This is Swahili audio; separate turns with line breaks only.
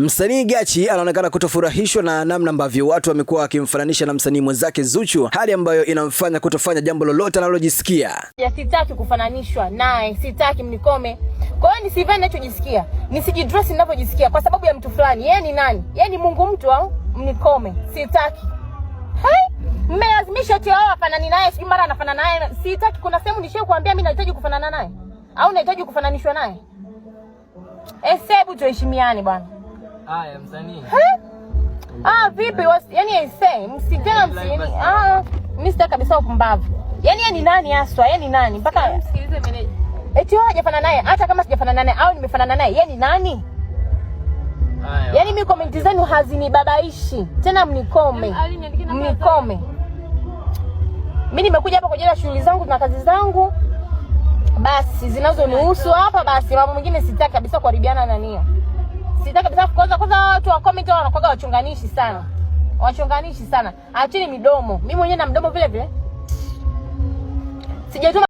Msanii Gachi anaonekana kutofurahishwa na namna ambavyo watu wamekuwa wakimfananisha na msanii mwenzake Zuchu, hali ambayo inamfanya kutofanya jambo lolote analojisikia.
Ya sitaki kufananishwa naye, sitaki mnikome. Kwa hiyo nisivae ninachojisikia, nisijidress ninavyojisikia kwa sababu ya mtu fulani. Yeye ni nani? Yeye ni Mungu mtu au mnikome? Sitaki. Hai, Mmelazimisha ati wao wafanani naye, sijui mara anafanana naye. Sitaki. Kuna sehemu nishie kuambia mimi nahitaji kufanana naye au nahitaji kufananishwa naye? Eh, hebu tuheshimiane bwana.
Haya msanii.
Ah, vipi? Yaani say, msijana msijana. Ah, mimi sitaki kabisa upumbavu. Yaani yeye ni nani haswa? Yeye ni nani? Mpaka
msikilize meneja.
Eti wewe hajafanana naye hata kama sijafanana naye au nimefanana naye, yeye ni nani? Haya. Yaani mimi comment zenu hazinibabaishi. Tena mnikome. Mnikome. Mimi nimekuja hapa kwa ajili ya shughuli zangu na kazi zangu. Basi zinazonihusu hapa, basi mambo mengine sitaki kabisa kuharibiana na nia. Sitaki kabisa kwanza kwanza watu wa comment wao wanakuwa wachunganishi sana. Wachunganishi sana. Acheni midomo. Mimi mwenyewe na mdomo vile vile. Sijatuma